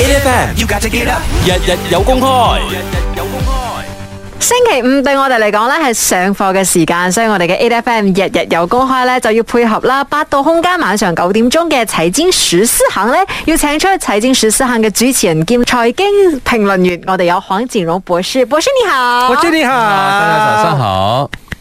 A F M, you get up, 日日有公開，日日有公開。星期五對我哋嚟講咧係上課嘅時間，所以我哋嘅 A F M 日日有公開咧就要配合啦。八度空間晚上九點鐘嘅《財經十四行》咧要請出《財經十四行》嘅主持人兼財經評論員，我哋有黃錦榮博士，博士你好，博士你好，大家早上好。